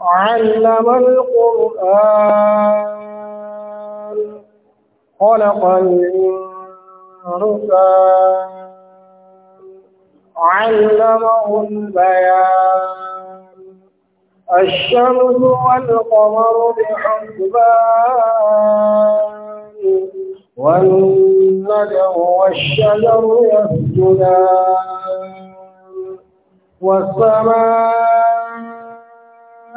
علم القرآن خلق الإنسان علمه البيان الشمس والقمر بحسبان والنجم والشجر يسجدان والسماء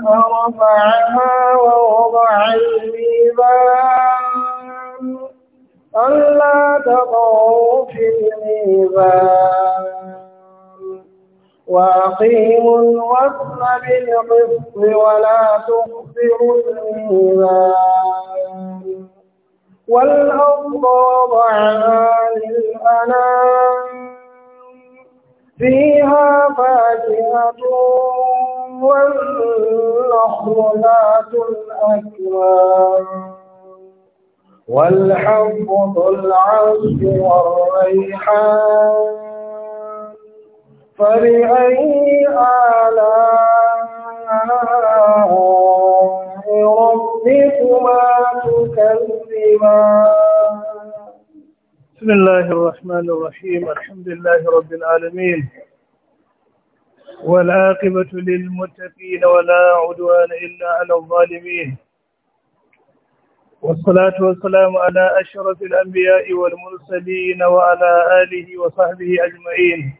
رفعها ووضع الميزان ألا تطغوا في الميزان وأقيموا الوزن بالقسط ولا تخسروا الميزان والأرض وضعها للأنام فيها فاكهة والنخل ذات الأكوان والحب ذو العصف والريحان فبأي آلاء ربكما تكذبان بسم الله الرحمن الرحيم الحمد لله رب العالمين والعاقبة للمتقين ولا عدوان إلا على الظالمين والصلاة والسلام على أشرف الأنبياء والمرسلين وعلى آله وصحبه أجمعين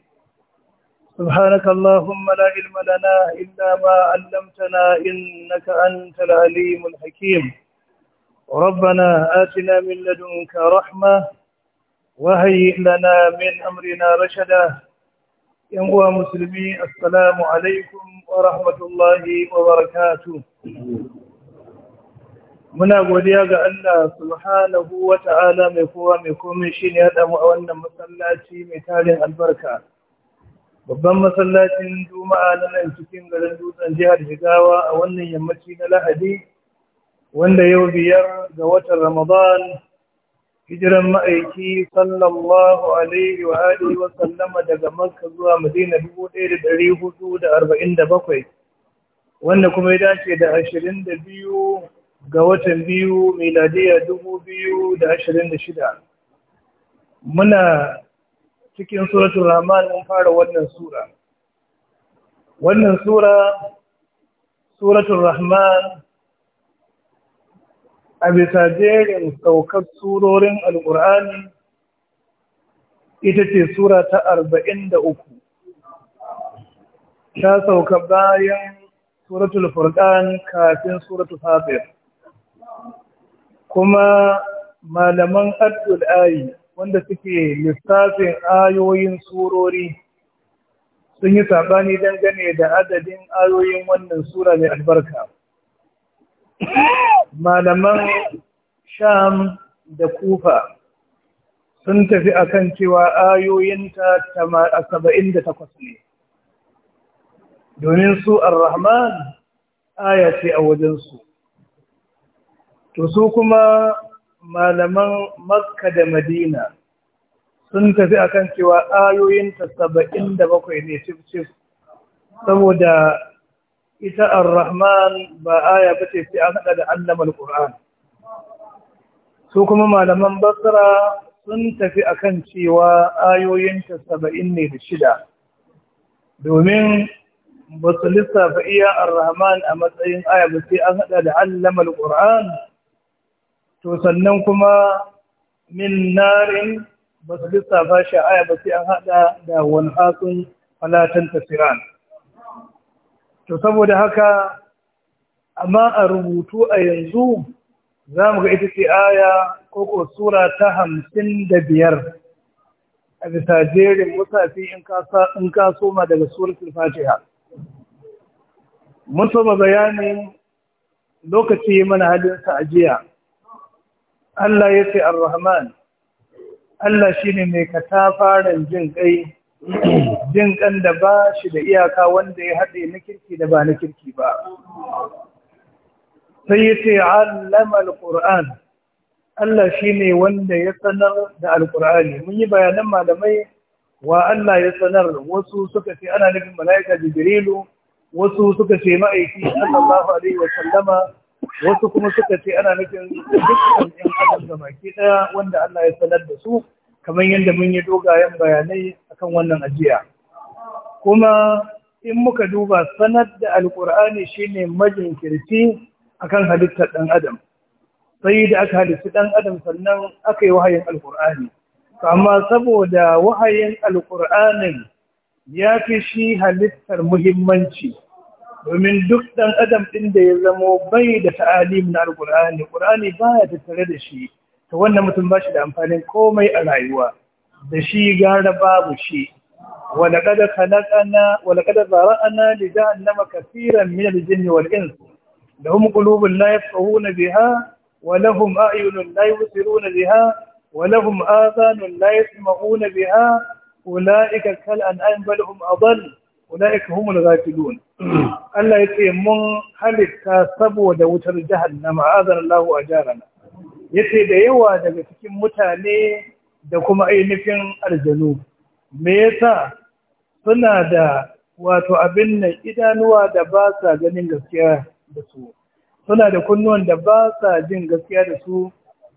سبحانك اللهم لا علم لنا إلا ما علمتنا إنك أنت العليم الحكيم ربنا آتنا من لدنك رحمة وهيئ لنا من أمرنا رشدا ينقوى مسلمي السلام عليكم ورحمة الله وبركاته muna godiya ga Allah subhanahu wa ta'ala mai kowa mai komai shi ne haɗa mu a wannan masallaci mai tarin albarka babban masallacin juma'a na nan cikin garin dutsen jihar jigawa a wannan yammaci na lahadi wanda yau biyar ga watan ramadan hijiran ma'aiki sallallahu alaihi wa alihi wa sallama daga makka zuwa madina 1447 wanda kuma ya dace da 22 ga watan biyu miladiya 2026 muna cikin suratul rahman mun fara wannan sura wannan sura suratul rahman a bisa saukar surorin alƙur'ani ita ce sura ta arba'in da uku ta sauka bayan suratul furqan kafin suratul fatir kuma malaman addul ayi wanda suke lissafin ayoyin surori sun yi sabani dangane da adadin ayoyin wannan sura mai albarka malaman sham da kufa sun tafi akan cewa ayoyinta takwas ne domin su ar-rahman aya ce a wajensu to su kuma malaman makka da madina sun tafi akan cewa ayoyinta bakwai ne cif-cif saboda ita ar-rahman ba aya ce sai an haɗa da al qur'an su kuma malaman basra sun tafi akan cewa ta saba'in ne da shida domin ba su iya ar-rahman a matsayin aya ba sai an haɗa da al qur'an to sannan kuma min narin ba su lissafa shi aya ba sai an haɗa da wani hatsun falatan tasiran to saboda haka amma a rubutu a yanzu za mu ga ita ce aya ko ko sura ta hamsin da biyar a bisa jerin musafi in ka soma daga suratul fatiha mun soma bayanin lokaci mana halinsa a jiya Allah ya ce ar-Rahman Allah shine mai katafaren jin kai jin kan da ba shi da iyaka wanda ya haɗe na kirki da ba na kirki ba sai ya ce allama alƙur'an Allah shi ne wanda ya sanar da alƙur'ani mun yi bayanan malamai wa Allah ya sanar wasu suka ce ana nufin mala'ika jibrilu wasu suka ce ma'aiki sallallahu alaihi wa wasu kuma suka ce ana nufin dukkan yan adam da maki ɗaya wanda Allah ya sanar da su kamar yadda mun yi dogayen bayanai akan wannan ajiya kuma in muka duba sanar da alkur'ani shine majinkirci akan halittar ɗan adam sai da aka halitta ɗan adam sannan aka yi wahayin alkur'ani Kama saboda wahayin alkur'anin ya fi shi halittar muhimmanci domin duk ɗan adam ɗin da ya zamo bai da ta'alim na alkur'ani ƙur'ani baya ya tattare da shi ta wannan mutum ba shi da amfanin komai a rayuwa da shi gara babu shi wadda kada zara ana da ja'an na makasiran minar jini wal insu da hun kulubun na ya tsohu na biha wadda hun na yi wuturu na biha wadda hun na ya tsimahu na biha wadda ika kal'an an bada hun abal wadda ika hun mulu zafi Allah ya ce mun halitta saboda wutar jihar na ma'azan Allah a jihar na yace da yawa daga cikin mutane da kuma ainihin aljanu me yasa suna da wato abin nan idanuwa da ba sa ganin gaskiya da su suna da kunnuwan da ba sa jin gaskiya da su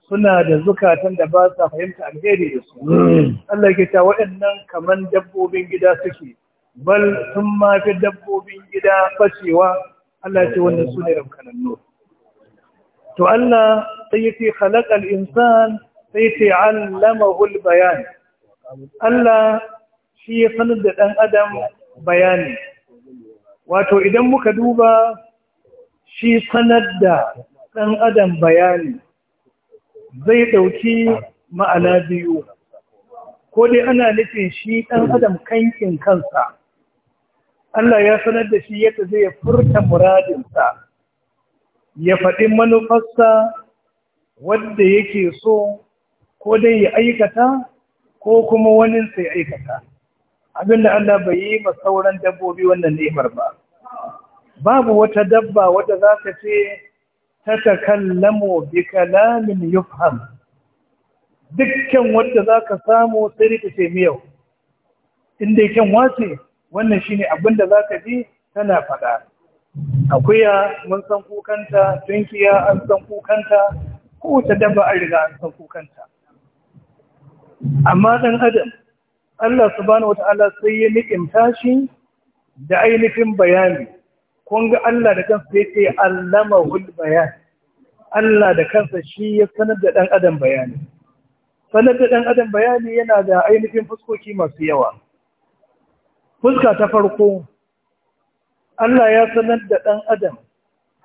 suna da zukatan da ba sa fahimta alheri da su Allah ke ta waɗannan kaman dabbobin gida suke bal sun fi dabbobin gida fashewa Allah ce wannan su ne to Allah sai yace khalaqal insan sai yace allamahu albayan Allah shi ya sanar da dan adam bayani wato idan muka duba shi sanar da dan adam bayani zai dauki ma'ana biyu ko dai ana nufin shi ɗan adam kankin kansa Allah ya sanar da shi yadda zai furta muradinsa ya faɗi manufarsa wadda yake so ko dai ya aikata ko kuma wani sai aikata abinda Allah bai yi ma sauran dabbobi wannan nemar ba babu wata dabba wadda za ka ce ta takallamu bi kalamin yufham dukkan wadda za ka samu sai rika ce miyau inda yake wace wannan shine abinda za ka ji tana faɗa akuya mun san kukanta tunkiya an san kukanta kowace dabba an riga an san kukanta amma ɗan adam Allah subhanahu wata'ala sai ya nufin tashi, da ainihin bayani kun ga Allah da kansa yake allama hul bayan Allah da kansa shi ya sanar da ɗan adam bayani sanar da ɗan adam bayani yana da ainihin fuskoki masu yawa fuska ta farko Allah ya sanar da ɗan adam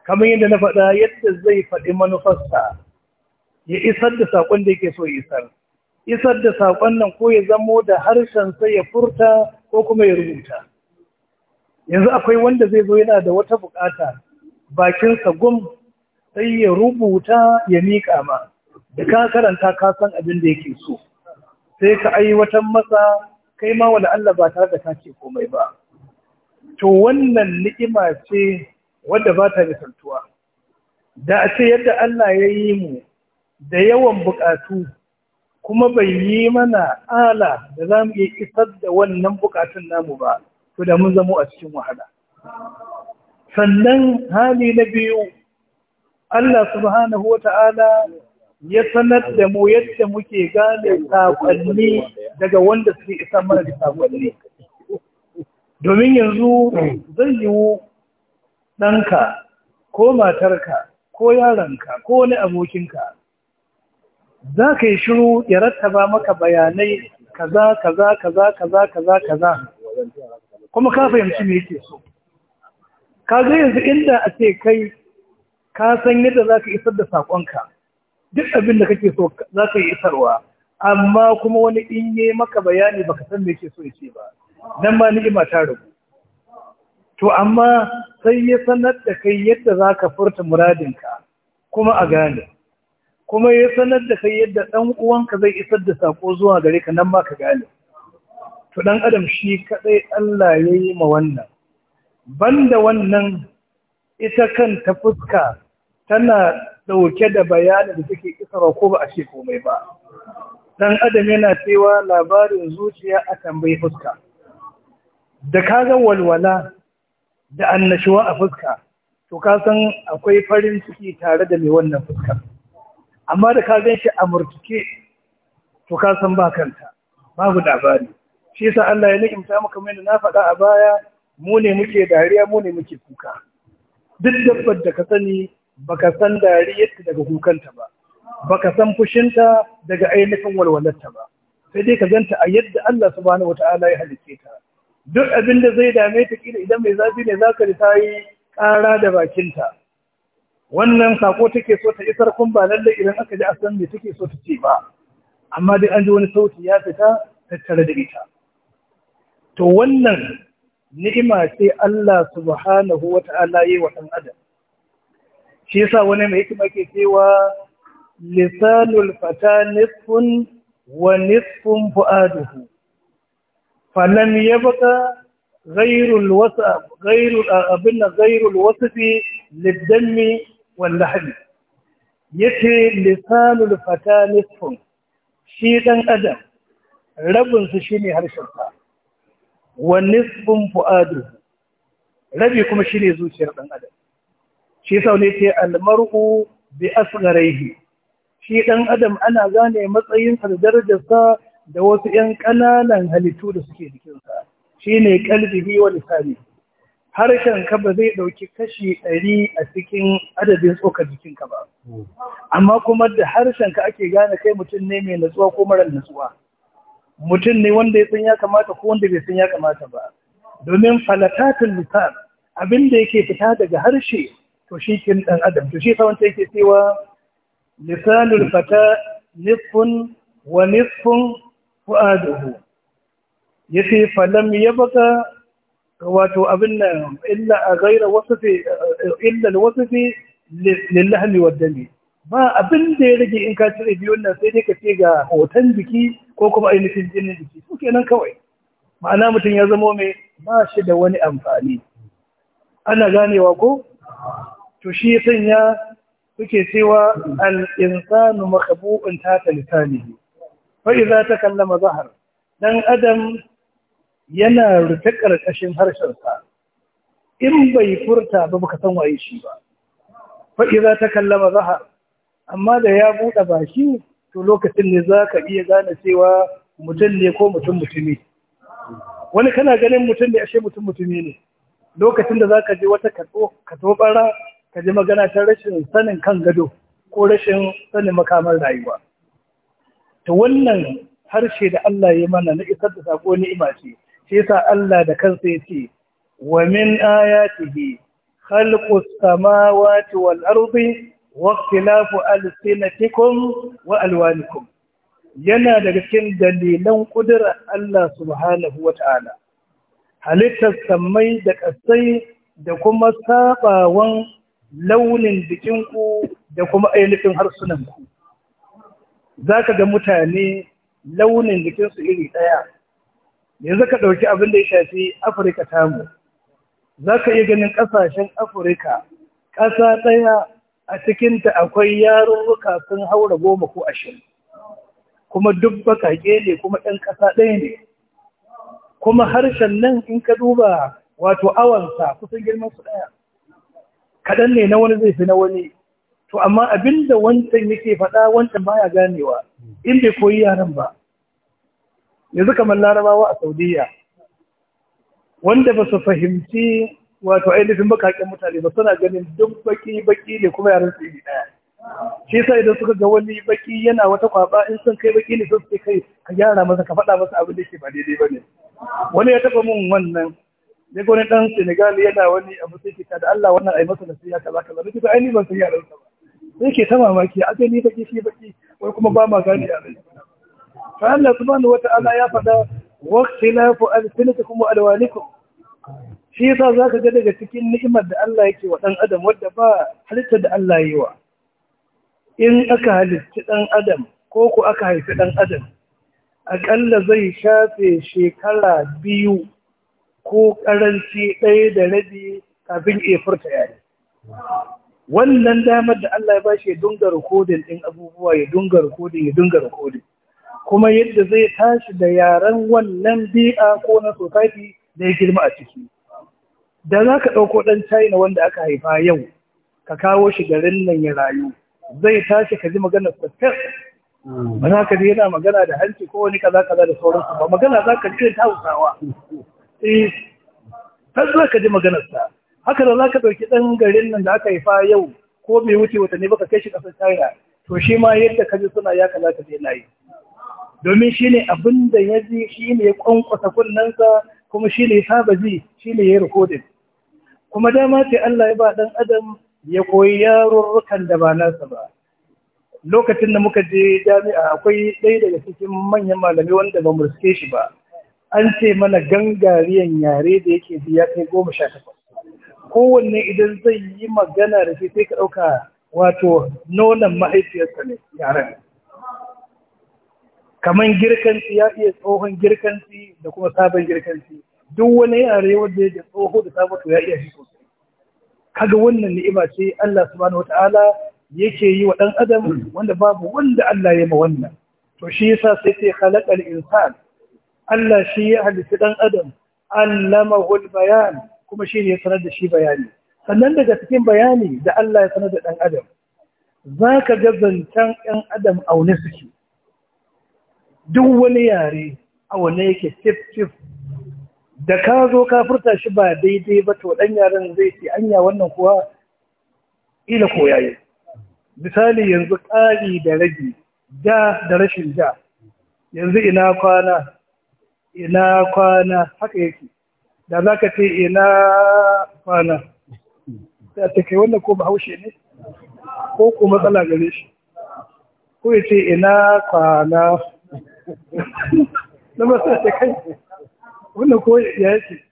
kamar yadda na faɗa yadda zai faɗi manufasta ya isar da saƙon da yake so ya isar isar da saƙon nan ko ya zamo da harshensa ya furta ko kuma ya rubuta yanzu akwai wanda zai zo yana da wata buƙata bakinsa gum sai ya rubuta ya miƙa ma da ka karanta ka san abin da yake so sai ka aiwatar masa kai ma wani Allah ba tare da ka ce komai ba to wannan ni'ima ce wanda ba ta misaltuwa da a ce yadda Allah ya yi mu da yawan bukatu kuma bai yi mana ala da za mu iya isar da wannan bukatun namu ba to da mun zamo a cikin wahala sannan hali na biyu Allah subhanahu Ta'ala ya sanar da mu yadda muke gane sakonni daga wanda suke isa mana da sakonni domin yanzu hmm. zai yiwu ɗanka ko matarka ko yaranka ko wani abokinka za ka yi shiru ya rattaba maka bayanai kaza kaza kaza kaza kaza kaza kuma ka fahimci me yake so ka ga yanzu inda a ce kai ka san yadda za ka isar da saƙonka duk abin da kake so za ka yi isarwa amma kuma wani in yi maka bayani baka san me yake so ya ce ba nan ma ni'ima ta rabu to amma sai ya sanar da kai yadda za ka furta muradinka kuma a gane kuma ya sanar da kai yadda ɗan uwanka zai isar da sako zuwa gare ka nan ma ka gane to ɗan adam shi kaɗai Allah ya yi ma wannan banda wannan ita kanta fuska tana ɗauke da bayani da take isarwa ko ba a ce komai ba ɗan adam yana cewa labarin zuciya a tambayi fuska da ka ga walwala da annashuwa a fuska to ka san akwai farin ciki tare da mai wannan fuska amma da ka gan shi a murtuke to ka san ba kanta babu labari shi yasa Allah ya ni'imta maka kamar yadda na faɗa a baya mu ne muke dariya mu ne muke kuka duk dabbar da ka sani baka san dariyarta daga kukanta ba baka san fushinta daga ainihin walwalarta ba sai dai ka ganta a yadda Allah subhanahu wataala ya halicce ta duk abin da zai dame ta kila idan mai zafi ne za ka ta yi ƙara da bakinta wannan sako take so ta isar kun ba lallai idan aka ji a san me take so ta ce ba amma dai an ji wani sauti ya fita tattare da ita to wannan ni'ima ce Allah subhanahu wa ta'ala yi wa ɗan adam shi yasa wani mai hikima ke cewa lisanul fata nisfun wa nisfun fu'aduhu falam ya baka gairul wasa gairul abin gairul wasfi lidammi wal lahmi yace lisanul fata nisfun shi ɗan adam rabinsu shi ne harshen sa wa nisfun fuadu rabi kuma shine zuciyar ɗan adam shi sau ne ce almar'u bi asgharihi shi ɗan adam ana gane matsayinsa da darajarsa da wasu ‘yan ƙananan halittu da suke jikinsa shi ne ƙalbihi wa harshen harshenka ba zai ɗauki kashi ɗari a cikin adadin tsokar jikinka ba amma kuma da harshen ka ake gane kai mutum ne mai natsuwa ko marar natsuwa mutum ne wanda ya san ya kamata ko wanda bai san ya kamata ba domin falatatul lisan abin da yake fita daga harshe to shi kin dan adam to shi sawanta yake cewa lisanul fata nufin wa nufin fu'aduhu yace falam yabqa wato abin nan illa a gaira wasfi illa alwasfi lillahi ba abin da ya rage in ka cire biyun nan sai dai ka ce ga hoton jiki ko kuma ainihin jinin jiki su kenan kawai ma'ana mutum ya zama mai ba shi da wani amfani ana ganewa ko to shi ya sanya suke cewa al-insanu makabu'un tata lisanihi fa'iza ta kallama zahar ɗan adam yana rufe ƙarƙashin sa, in bai furta ba baka san waye shi ba fa'iza ta kallama zahar amma da ya buɗe baki to lokacin ne za ka iya gane cewa mutum ne ko mutum mutumi wani kana ganin mutum ne ashe mutum mutumi ne lokacin da za ka je wata katobara ka ji magana ta rashin sanin kan gado ko rashin sanin makamar rayuwa ta wannan harshe da Allah ya mana na isar da sako ni'ima ce shi yasa Allah da kansa ya ce wa min ayatihi khalqus samawati wal ardi wa ikhtilafu alsinatikum wa alwanikum yana daga cikin dalilan kudura Allah subhanahu wata'ala halittar sammai da kasai da kuma sabawan launin jikinku da kuma ainihin harsunanku za ka ga mutane launin jikinsu iri ɗaya yanzu ka ɗauki abin da ya shafi afirka tamu za ka iya ganin ƙasashen afirka ƙasa ɗaya a cikinta akwai yarurruka sun haura goma ko ashirin kuma duk baƙaƙe ne kuma ɗan ƙasa ɗaya ne kuma harshen nan in ka duba wato awansa kusan girman su ɗaya kaɗan ne na wani zai fi na wani to amma abinda wancan yake faɗa wancan baya ganewa in bai koyi yaran ba yanzu kamar larabawa a saudiya wanda ba su fahimci wato ainihin bakaƙen mutane ba suna ganin duk baki baki ne kuma yaran su yi ɗaya shi yasa idan suka ga wani baki yana wata kwaba in sun kai baki ne sun ce kai ka gyara masa ka faɗa masa abin da yake ba daidai ne wani ya taɓa mun wannan ne wani ɗan Senegal yana wani abu sai ka da Allah wannan ai masa nasiha kaza kaza nake to ainihin ban san yaran sa ba sai ke ta mamaki a ni baki shi baki wai kuma ba ma gane a rai fa Allah subhanahu wata'ala ya faɗa waqtilafu alsinatikum wa alwanikum shi yasa zaka ga daga cikin ni'imar da Allah yake wa dan adam wadda ba halitta da Allah yi wa in aka halitta ɗan adam ko ku aka haifi ɗan adam aƙalla zai shafe shekara biyu ko ƙaranci ɗaya da rabi kafin ya furta yare wannan damar da Allah ya ba shi ya dunga rikodin ɗin abubuwa ya dunga rikodin ya dunga rikodin kuma yadda zai tashi da yaren wannan bi'a ko na society da ya girma a ciki da za ka ɗauko ɗan china wanda aka haifa yau ka kawo shi garin nan ya rayu zai tashi ka ji magana sosai ba za ka ji yana magana da hanci ko wani kaza kaza da sauransu ba magana za ka ji ta hausawa eh har za ka ji maganarsa haka da za ka ɗauki ɗan garin nan da aka haifa yau ko mai wuce watanni ba ka kai shi ƙasar china to shi ma yadda ka ji suna ya ka zai layi domin shi ne abin da ya ji shi ne ya ƙwanƙwasa kunnensa kuma shi ne ya saba ji shi ne ya yi rikodin kuma dama ce Allah ya ba ɗan adam ya koyi yarurrukan da ba nasa ba lokacin da muka je jami'a akwai ɗaya daga cikin manyan malami wanda ba mu riske shi ba an ce mana gangariyan yare da yake biya kai goma sha takwas kowanne idan zai yi magana da shi sai ka ɗauka wato nonon mahaifiyarsa ne yaren kamar girkanci ya iya tsohon girkanci da kuma sabon girkanci duk wani yare wanda ya tsoho da sabon ya iya shi sosai kaga wannan ni'ima ce Allah subhanahu wataala yake yi wa ɗan adam wanda babu wanda Allah ya ma wannan to shi yasa sai sai khalaqal insan Allah shi ya halitta ɗan adam allamahu al-bayan kuma shi ne ya sanar da shi bayani sannan daga cikin bayani da Allah ya sanar da ɗan adam za ka ga zancen ɗan adam wani suke duk wani yare aune yake cif cif da ka zo ka furta shi ba daidai ba to ɗan yaren zai ce anya wannan kuwa ila yayi misali yanzu ƙari da rage da da rashin ja. yanzu ina kwana ina kwana haka yake da za ka ce ina kwana Ta ta kai wannan ko bahaushe ne ko ko matsala gare shi ko ya ce ina kwana na masu ta kai wannan ko ya yake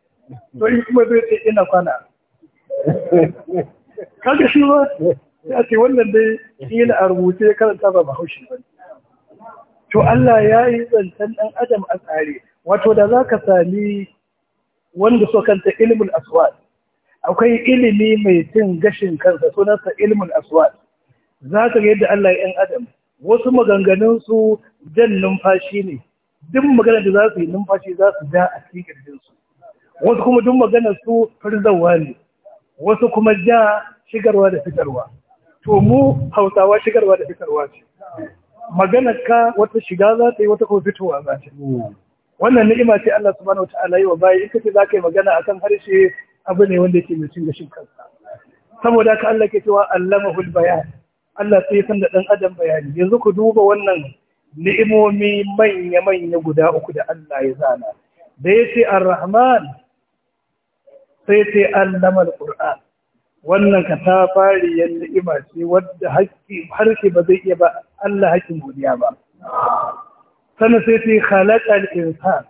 to in kuma zai ce ina kwana kaga shi ba ya ce wannan dai ina a rubuce karanta ba bahaushe ba to Allah ya yi zancen dan adam a tsare wato da za ka sami wanda so kanta ilimin aswad akwai ilimi mai cin gashin kansa sunansa ilimin aswad za ka ga yadda Allah ya yan adam wasu maganganunsu jan numfashi ne duk magana da za su yi numfashi za su ja a cikin kirjin su wasu kuma duk magana su firzawa ne wasu kuma ja shigarwa da fitarwa to mu hausawa shigarwa da fitarwa ce magana ka wata shiga za ta yi wata kuma fitowa za ta yi wannan ni'ima ce Allah subhanahu wata'ala yi wa bayi in kace zaka yi magana akan harshe abu ne wanda yake mai gashin kansa saboda haka Allah ke cewa allamahul bayan Allah sai san da dan adam bayani yanzu ku duba wannan ni'imomi manya manya guda uku da Allah ya zana da yace arrahman rahman sai sai allama al wannan ka ta fari yan ni'ima ce wadda haƙƙi harshe ba zai iya ba Allah haƙƙin godiya ba sannan sai ce halakar insan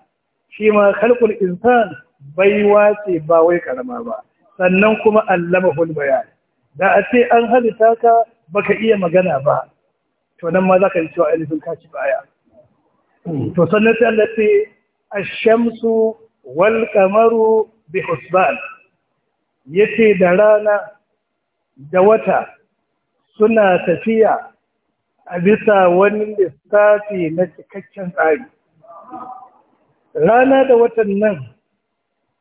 shi ma khalqul insan bai watsi ba wai karama ba sannan kuma allamahul hulbaya da a ce an halitta ka baka iya magana ba to nan ma za ka yi cewa ainihin ka baya to sannan sai Allah lafi a shamsu wal kamaru bi husban yace da rana da wata suna tafiya a bisa wani lissafi na cikakken tsari rana da watan nan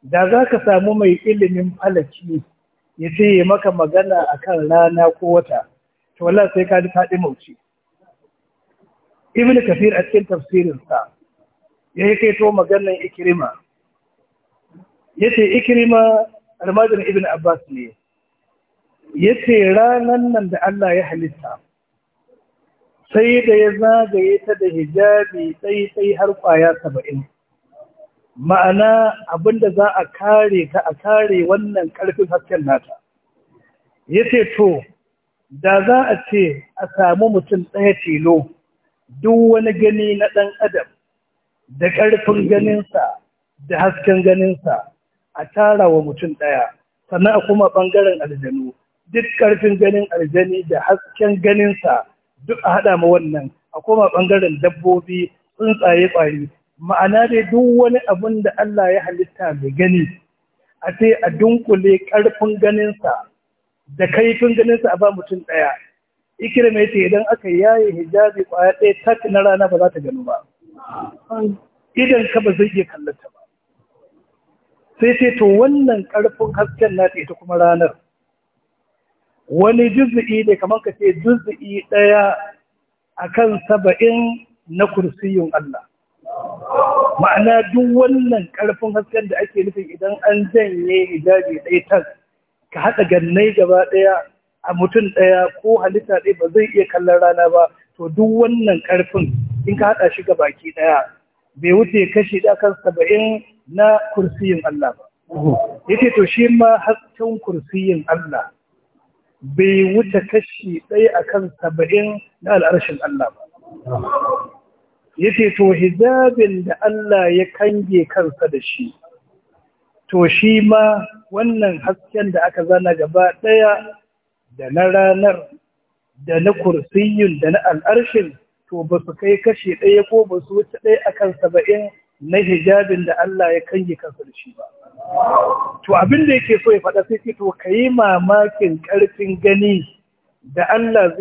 da za ka samu mai ilimin falaki ya ce ya maka magana a kan rana ko wata to wala sai ka ji faɗi mauci ibn kafir a cikin tafsirinsa ya yi kaito maganar ikirima ya ce ikirima almajin ibn abbas ne ya ce ranan nan da allah ya halitta sai da ya zagaye ta da hijabi tsaitsai har kwaya saba'in ma'ana abinda za a kare ta a kare wannan karfin hasken nata ya ce to da za a ce a samu mutum ɗaya tilo duk wani gani na ɗan adam da ƙarfin ganinsa da hasken ganinsa a tara wa mutum ɗaya sannan a kuma ɓangaren aljanu duk ƙarfin ganin aljani da hasken ganinsa duk a haɗa ma wannan a koma ɓangaren dabbobi tsuntsaye ƙwari ma'ana dai duk wani abun da Allah ya halitta mai gani a ce a dunkule ƙarfin ganinsa da kaifin ganinsa a ba mutum ɗaya ikirma ya ce idan aka yaye hijabi ƙwaya ɗaya tak na rana ba za ta gano ba idan ka ba zai iya kallata ba sai sai to wannan ƙarfin hasken nata ita kuma ranar wani juz'i ne kamar ka ce juz'i ɗaya a kan saba'in na kursiyun Allah ma'ana duk wannan ƙarfin hasken da ake nufin idan an janye hijabi ɗaya tas ka haɗa gannai gaba ɗaya a mutum ɗaya ko halitta ɗaya ba zai iya kallon rana ba to duk wannan ƙarfin in ka haɗa shi ga baki ɗaya bai wuce kashi ɗaya kan saba'in na kursiyin Allah ba. Yake to shi ma hasken kursiyin Allah bai wuce kashi ɗaya a kan saba'in na al'arshin Allah ba. Ya ce, To, hijabin da Allah ya kange kansa da shi, to shi ma wannan hasken da aka zana gaba ɗaya da na ranar da na kursiyun da na al'arshin, to ba su kai kashi ɗaya ko ba su wuce ɗaya a kan saba'in na hijabin da Allah ya kange kansa da shi ba to abin da yake so ya faɗa sai ce to kayi mamakin ƙarfin gani da Allah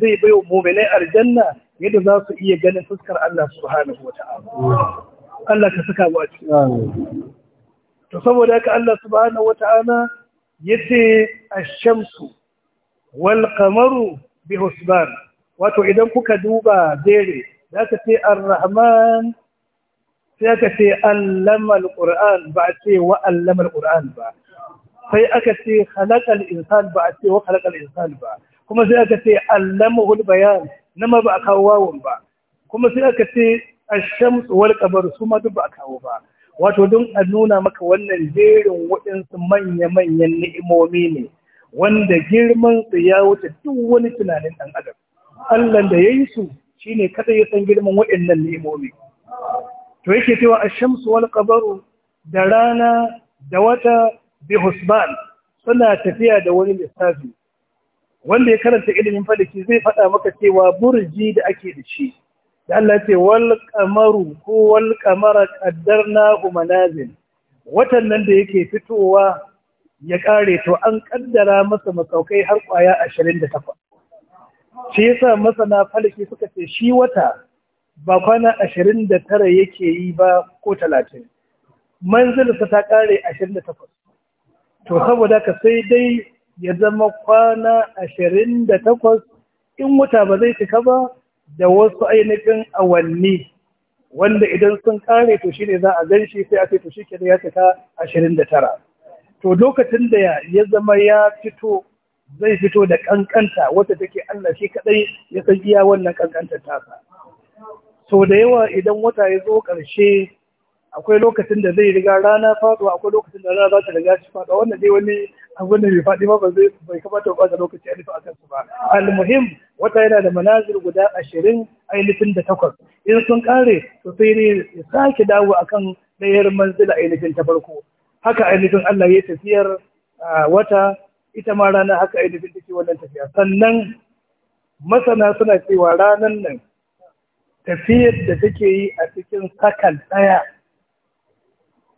zai bai wa mu'minai aljanna yadda za su iya ganin fuskar Allah subhanahu wata Allah ka saka mu a to saboda haka Allah wata ana ya yace a shamsu wal kamaru bi husban wato idan kuka duba za ka ce ar-rahman sai aka ce allamal qur'an ba a ce wa allamal qur'an ba sai aka ce khalaqal insan ba a ce wa khalaqal insan ba kuma sai aka ce allamahul bayan nama ba a kawo wawon ba kuma sai aka ce ash-shams kabar su ma duk ba a kawo ba wato don a nuna maka wannan jerin waɗansu manya-manyan ni'imomi ne wanda girman su ya wuce duk wani tunanin ɗan adam Allah da ya yi su shine kada ya san girman waɗannan ni'imomi to yake cewa shamsu wal qamaru da rana da wata bi husban suna tafiya da wani lissafi wanda ya karanta ilimin falaki zai faɗa maka cewa burji da ake da shi da Allah ce wal qamaru ko wal qamara qaddarnahu manazil watan nan da yake fitowa ya kare to an kaddara masa masaukai har kwaya 28 shi yasa masana falaki suka ce shi wata ba kwana ashirin da tara yake yi ba ko talatin manzilinsa ta kare ashirin da takwas to saboda ka sai dai ya zama kwana ashirin da takwas in wuta ba zai cika ba da wasu ainihin awanni wanda idan sun kare to shi ne za a gan shi sai a to shi ya cika ashirin da tara to lokacin da ya zama ya fito zai fito da ƙanƙanta wata take Allah shi kaɗai ya san iya wannan ƙanƙantar tasa sau da yawa idan wata ya zo ƙarshe akwai lokacin da zai riga rana faɗo akwai lokacin da rana za ta riga shi faɗo wannan dai wani abu ne bai faɗi ma ba zai bai kamata ba da lokaci a nufi akan su ba almuhim wata yana da manazir guda ashirin ainihin da takwas in sun kare to sai ne ya sake dawo akan ɗayar manzila ainihin ta farko haka ainihin Allah ya tafiyar wata ita ma rana haka ainihin take wannan tafiya sannan masana suna cewa ranan nan tafiyar da take yi a cikin sakan ɗaya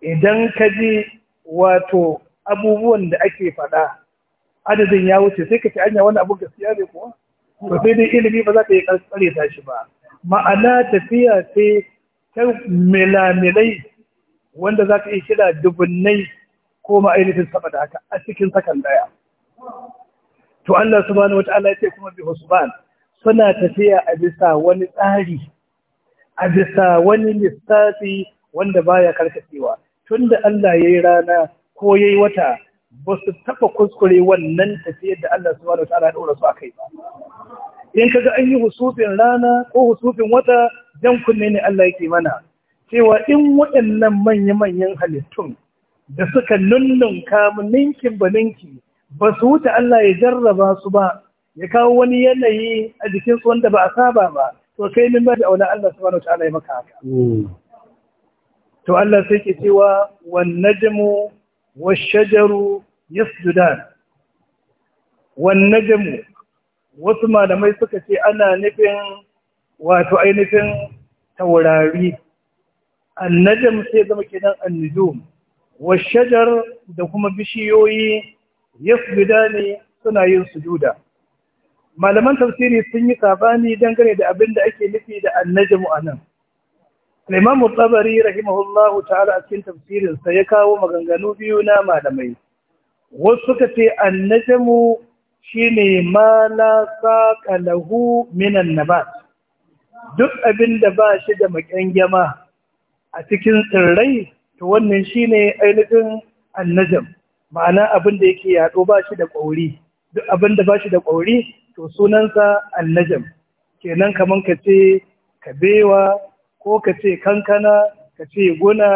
idan ka ji wato abubuwan da ake faɗa adadin ya wuce sai ka ce anya wani abu gaskiya ne kuwa to sai dai ilimi ba za ka yi karsare ta shi ba ma'ana tafiya ce ta milamilai wanda za ka yi kira dubunnai ko ma'ainihin saba da haka a cikin sakan ɗaya to Allah subhanahu ta'ala ya ce kuma bi husban suna tafiya a bisa wani tsari a bisa wani lissafi wanda baya karkacewa tunda Allah ya yi rana ko ya yi wata ba su taɓa kuskure wannan tafiyar da Allah su wani ta'ala ɗora su a kai ba. In kaga an yi husufin rana ko husufin wata jan kunne ne Allah yake mana. Cewa in waɗannan manya-manyan halittun da suka nunnun kamu ninkin ba ninki ba su wuce Allah ya jarraba su ba ya kawo wani yanayi a jikinsu wanda ba a saba ba to kai min ba da auna Allah subhanahu ta'ala ya maka haka hmm. to Allah sai ke cewa wan najmu wash-shajaru yasjudan wan najmu wasu malamai suka ce ana nufin wato ainihin taurari Najm sai zama kenan annujum wash-shajar da kuma bishiyoyi yasjudani suna yin sujuda malaman tafsiri sun yi sabani dangane da abin da ake nufi da a nan. Imam Tabari rahimahullahu ta'ala a cikin tafsirin ya kawo maganganu biyu na malamai wasu suka ce shine ma la minan nabat duk abin da ba shi da maƙyangyama a cikin tsirrai to wannan shi ne ainihin annajm ma'ana abin da yake yaɗo ba shi da ƙauri duk abin da ba shi da ƙauri to sunansa annajam kenan kaman ka ce kabewa ko ka ce kankana ka ce guna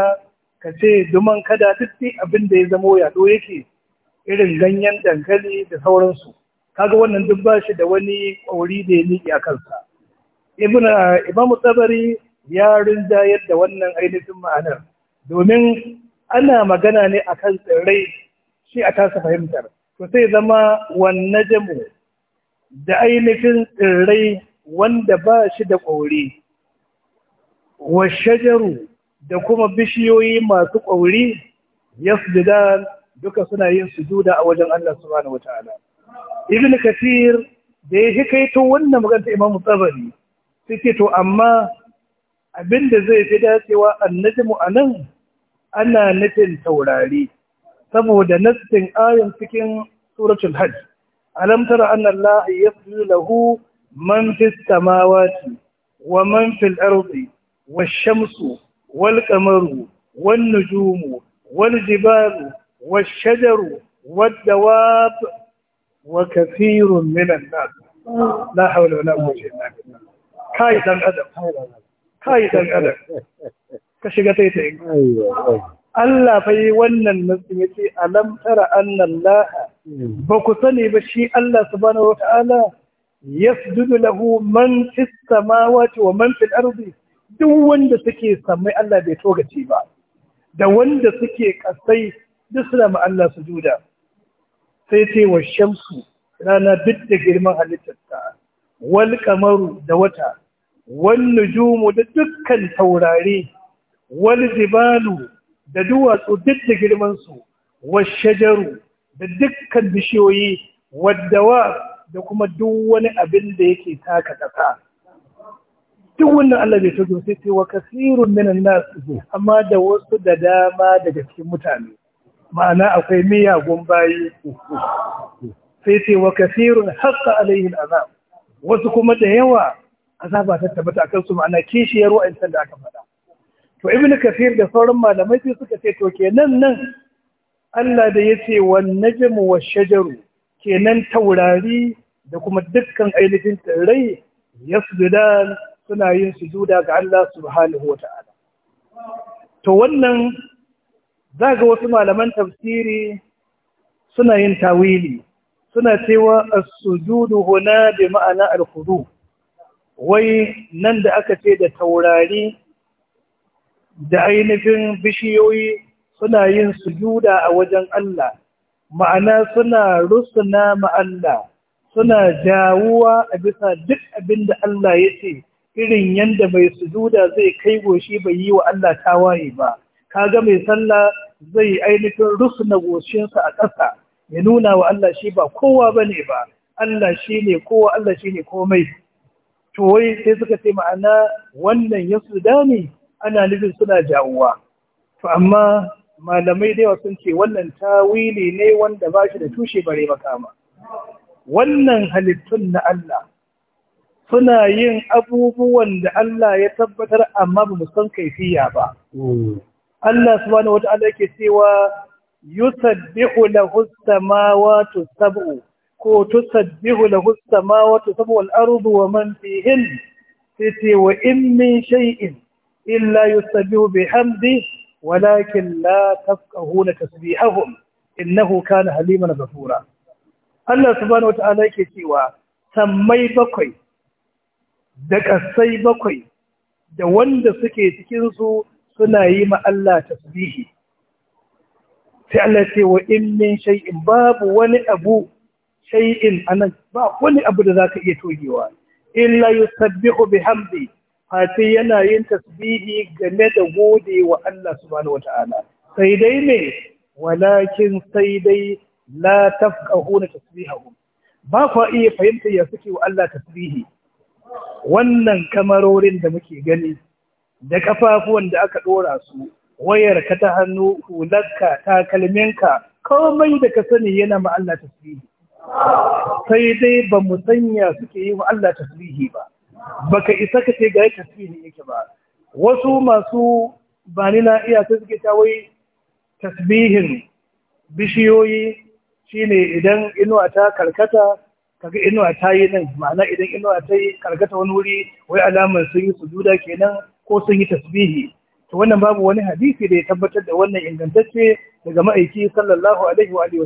ka ce duman kada duk abin da ya zamo yado yake irin ganyen dankali da sauransu kaga wannan duk ba shi da wani ƙauri da ya liƙe a kansa imamu tsabari ya rinjayar da wannan ainihin ma'anar domin ana magana ne akan tsirrai shi a tasa fahimtar to sai zama wannan da ainihin tsirrai wanda ba shi da ƙauri wa shajaru da kuma bishiyoyi masu ƙauri yasjudan duka suna yin sujuda a wajen Allah subhanahu ta’ala. ibn kathir da ya hikaito wannan magana imam tsabari suke to amma abin da zai fi dacewa annajmu anan ana nufin taurari saboda nassin ayin cikin suratul hajj alam tara anna Allah yasjudu lahu man fis samawati wa man fil ardi wash-shamsu wal-qamaru wan-nujumu wal-jibalu wash-shajaru wad-dawab wa kathirun min an-nas la hawla quwwata illa billah kai dan adam kai dan adam ka shiga taitayin Allah fa yi wannan nutsi yace alam tara anna Allah ba ku sani ba shi Allah subhanahu wata'ala yasjudu lahu man fis samawati wa man fil ardi duk wanda suke samai Allah bai togaci ba da wanda suke kasai duk suna ma Allah sujuda sai ce wa shamsu rana duk da girman halittarta wal kamaru da wata wal nujumu da dukkan taurari wal jibalu da duwatsu duk da girman su wa shajaru da dukkan bishiyoyi waddawa da kuma duk wani abin da yake taka ƙasa duk wannan Allah bai tozo sai ce wa kasirun minan nas amma da wasu da dama daga cikin mutane ma'ana akwai miyagun bayi sai ce wa kasirun haqqa alaihin azab wasu kuma da yawa azaba ta tabbata akan su ma'ana kishiyar wa'insan da aka faɗa to ibn kasir da sauran malamai sai suka ce to kenan nan Allah da ya ce wa najmu wa shajaru kenan taurari da kuma dukkan ainihin tsirrai yasjudan suna yin sujuda ga Allah subhanahu wata'ala to wannan zaga wasu malaman tafsiri suna yin tawili suna cewa as-sujudu huna da ma'ana al-khudu wai nan da aka ce da taurari da ainihin bishiyoyi suna yin sujuda a wajen Allah ma'ana suna rusuna ma Allah suna jawuwa a bisa duk abin da Allah ya ce irin yadda mai sujuda zai kai goshi bai yi wa Allah tawaye ba kaga mai sallah zai ainihin rusuna goshinsa a ƙasa ya nuna wa Allah shi ba kowa ba ne ba Allah shi ne kowa Allah shi ne komai to wai sai suka ce ma'ana wannan ya suda ne ana nufin suna jawuwa to amma malamai da yawa sun ce wannan tawili ne wanda ba shi da tushe bare makama wannan halittun na Allah suna yin abubuwan da Allah ya tabbatar amma ba mu san kaifiya ba Allah subhanahu wata'ala yake cewa yusabbihu lahu as-samawati sab'u ko tusabbihu lahu as-samawati sab'u wal-ardu wa man fihin sai in min shay'in illa yusabbihu bihamdihi walakin la tafqahuna tasbihahum innahu kana haliman ghafura Allah subhanahu wata'ala yake cewa sammai bakwai da kasai bakwai da wanda suke cikin su suna yi ma Allah tasbihi sai Allah ce wa in min shay'in babu wani abu shay'in anan ba wani abu da zaka iya togewa illa yusabbihu bihamdi fati yana yin tasbihi game da gode wa Allah subhanahu ta’ala, sai dai ne walakin sai dai la tafqahuna tasbihahu ba kwa iya fahimta ya suke wa Allah tasbihi wannan kamarorin da muke gani da kafafuwan da aka dora su wayar ka ta hannu hularka takalminka komai da ka sani yana ma Allah tasbihi sai dai ba mu sanya suke yi wa Allah tasbihi ba baka isa ka ce ga ya tasbihin yake ba wasu masu ba ni na iya sai suke ta wai tasbihin bishiyoyi shine idan inuwa ta karkata kaga inuwa ta yi nan ma'ana idan inuwa ta yi karkata wani wuri wai alamar sun yi sujuda kenan ko sun yi tasbihi to wannan babu wani hadisi da ya tabbatar da wannan ingantacce daga ma'aiki sallallahu alaihi wa alihi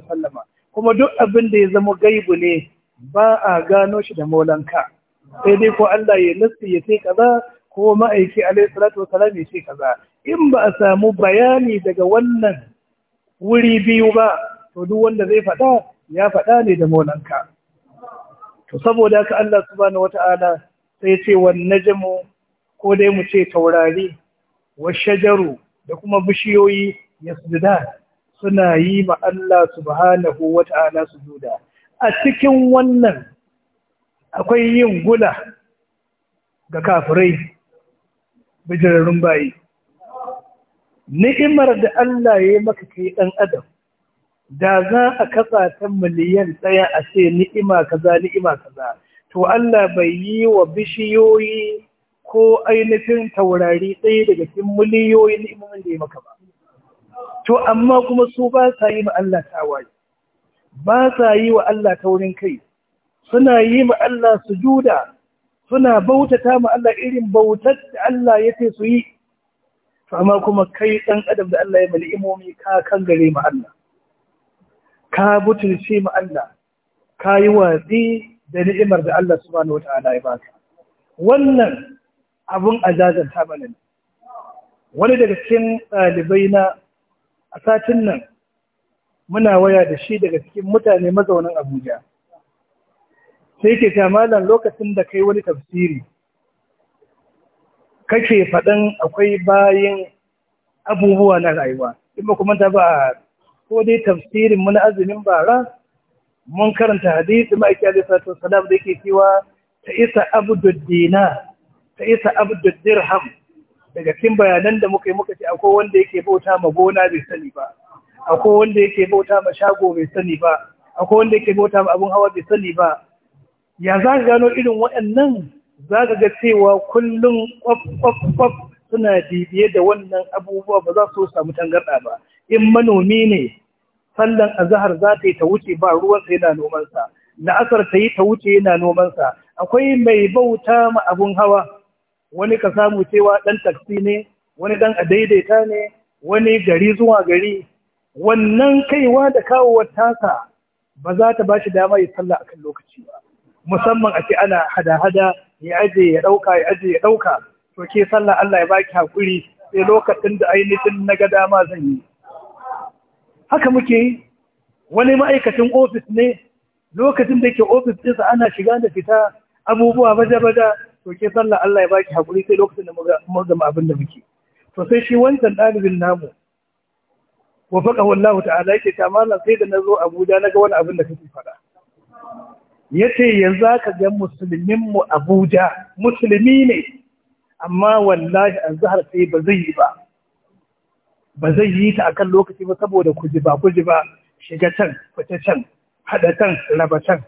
kuma duk abin da ya zama gaibu ne ba a gano shi da molanka sai dai ko Allah ya nasu ya ce kaza ko ma'aiki alaihi salatu wasalam ya ce kaza in ba a samu bayani daga wannan wuri biyu ba to duk wanda zai faɗa ya faɗa ne da molanka to saboda haka Allah subhanahu wata'ala sai ce wan najmu ko dai mu ce taurari wa shajaru da kuma bishiyoyi da, suna yi ma Allah subhanahu wata'ala sujuda a cikin wannan akwai yin gula ga kafirai bijirarrun bayi ni'imar da Allah ya maka kai ɗan adam da za a katsa ta miliyan ɗaya a ce ni'ima kaza ni'ima kaza to Allah bai yi wa bishiyoyi ko ainihin taurari tsaye daga cikin miliyoyin ni'imomin da ya maka ba to amma kuma su ba sa yi ma Allah tawaye ba sa yi wa Allah taurin kai suna yi ma Allah sujuda suna bautata ma Allah irin bautar da Allah ya ce su yi amma kuma kai ɗan adam da Allah ya mali imomi ka kan gare ma Allah ka butulce ma Allah ka yi watsi da ni'imar da Allah subhanahu wata'ala ya baka wannan abun azazanta mana ne wani daga cikin ɗalibai na a satin nan muna waya da shi daga cikin mutane mazaunin Abuja sai ke ta lokacin da kai wani tafsiri kake faɗin akwai bayan abubuwa na rayuwa in ba kuma ta ba ko dai tafsirin muna azumin bara mun karanta hadisi alisa alaihi salam da yake cewa ta isa abu ta isa abdud daga cikin bayanan da muka yi muka ce akwai wanda yake bauta ma gona bai sani ba akwai wanda yake bauta ma shago bai sani ba akwai wanda yake bauta ma abin hawa bai sani ba ya za ka gano irin waɗannan za ka ga cewa kullum kwaf suna bibiye da wannan abubuwa ba za su samu tangarɗa ba in manomi ne sallan azahar za ta yi ta wuce ba ruwansa yana nomansa la'asar ta yi ta wuce yana nomansa akwai mai bauta ma abun hawa wani ka samu cewa ɗan taksi ne wani ɗan a daidaita ne wani gari zuwa gari wannan kaiwa da kawowar tasa ba za ta ba shi dama ya sallah akan lokaci ba musamman a ce ana hada-hada ya aje ya ɗauka ya aje ya ɗauka to ke sallah Allah ya baki hakuri sai lokacin da ainihin na ga dama zan yi haka muke yi wani ma'aikacin ofis ne lokacin da yake ofis ɗinsa ana shiga da fita abubuwa baja-baja to ke sallah Allah ya baki hakuri sai lokacin da mu gama abin da muke to sai shi wancan ɗalibin namu wafaka wallahu ta'ala yake ta malam sai da na zo Abuja na ga wani abin da kake faɗa ya Ya yanzu aka ga musulmin mu Abuja musulmi ne amma wallahi zahar sai ba zai yi ba ba zai yi ta akan lokaci ba saboda kuji ba kuji ba shiga can fita can hada can raba can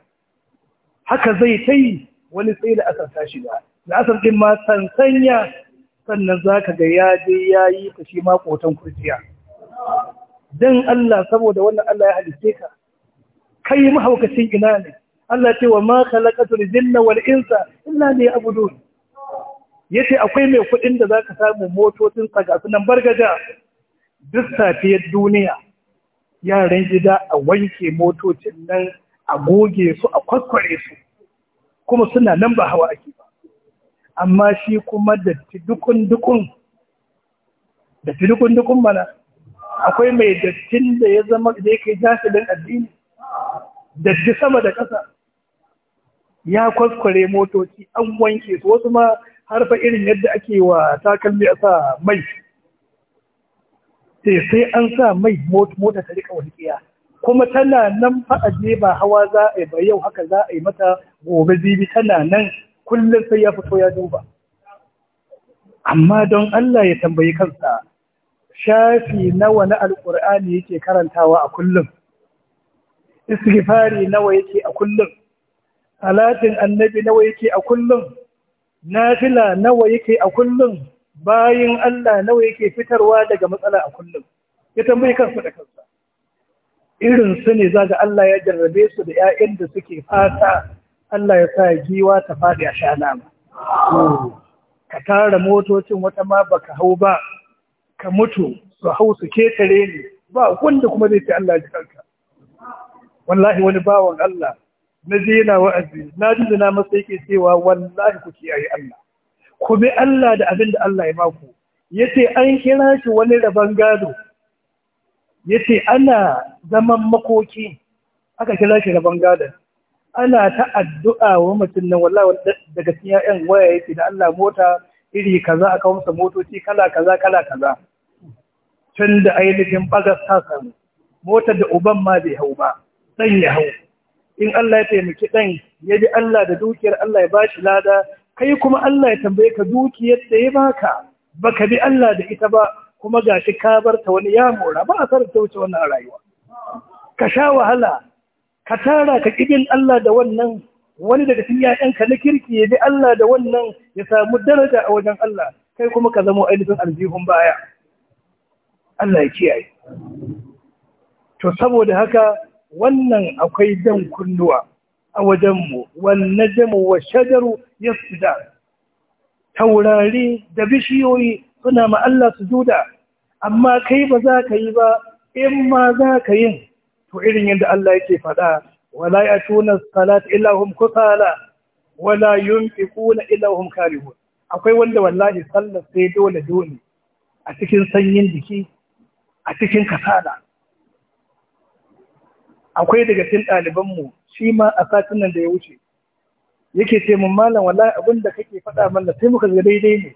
haka zai ta yi wani sai da asar ta shiga da asar ɗin ma sanya, sannan za ka ga ya je ya yi shi ma kotan kurciya Don Allah saboda wannan Allah ya halitte ka kai mahaukacin ina ne Allah ce wa ma khalaqatul jinna wal insa illa ya'budun yace akwai mai kuɗin da zaka samu motocin tsaga sunan bargaja duk safiyar duniya yaran gida a wanke motocin nan a goge su a kwakware su kuma suna nan ba hawa ake ba amma shi kuma da dukun dukun da dukun dukun mana akwai mai dattin da ya zama da yake jahilin addini datti sama da ƙasa ya kwaskware motoci an wanke su wasu ma har irin yadda ake wa takalmi a sa mai sai sai an sa mai mota ta rika walƙiya kuma tana nan fa a ba hawa za a yi ba yau haka za a yi mata gobe zibi tana nan kullum sai ya fito ya duba amma don Allah ya tambayi kansa shafi nawa na alƙur'ani yake karantawa a kullum istighfari nawa yake a kullum alatin annabi nawa yake a kullum nafila nawa yake a kullum bayin Allah nawa yake fitarwa daga matsala a kullum ya tambayi kansa da kansa irin su ne zaga Allah ya jarrabe su da 'ya'yan da suke fata Allah ya sa giwa ta faɗi a shana ma ka tara motocin wata ma baka hau ba ka mutu su hau su ketare ne ba wanda kuma zai ce Allah ya ji wallahi wani bawan Allah na je yana wa'azi na jinjina masa yake cewa wallahi ku kiyaye Allah ku bi Allah da abin da Allah ya maku ce an kira shi wani rabon gado Ya ce ana zaman makoki aka kira shi rabon gado ana ta addu'a wa mutum nan wallahi daga cikin ƴaƴan waya ce da Allah mota iri kaza aka masa motoci kala kaza kala kaza tun da ainihin bagas ta samu motar da uban ma bai hau ba ɗan ya hau in Allah ya taimaki ɗan ya bi Allah da dukiyar Allah ya ba shi lada kai kuma Allah ya tambaye ka dukiyar da ya baka baka bi Allah da ita ba kuma ga gashi ka bar ta wani ya mora ba a sarar ta wuce wannan rayuwa ka sha wahala ka tara ka kibin Allah da wannan wani daga cikin ‘ya’yanka na kirki ya bi Allah da wannan ya samu daraja a wajen Allah kai kuma ka zamo ainihin aljihun baya Allah ya kiyaye to saboda haka wannan akwai jan kunnuwa a wajenmu wannan jama wa shajaru ya taurari da bishiyoyi suna ma Allah su juda amma kai ba za ka yi ba in ma za ka yin to irin yadda Allah yake faɗa wala ya tuna salat ilahum kusala wala yunfiquna ilahum karihun akwai wanda wallahi sallar sai dole dole a cikin sanyin jiki a cikin kasala akwai daga cikin ɗalibanmu shi ma a satin nan da ya wuce yake ce mun malam wallahi abin da kake faɗa mana sai muka ga daidai ne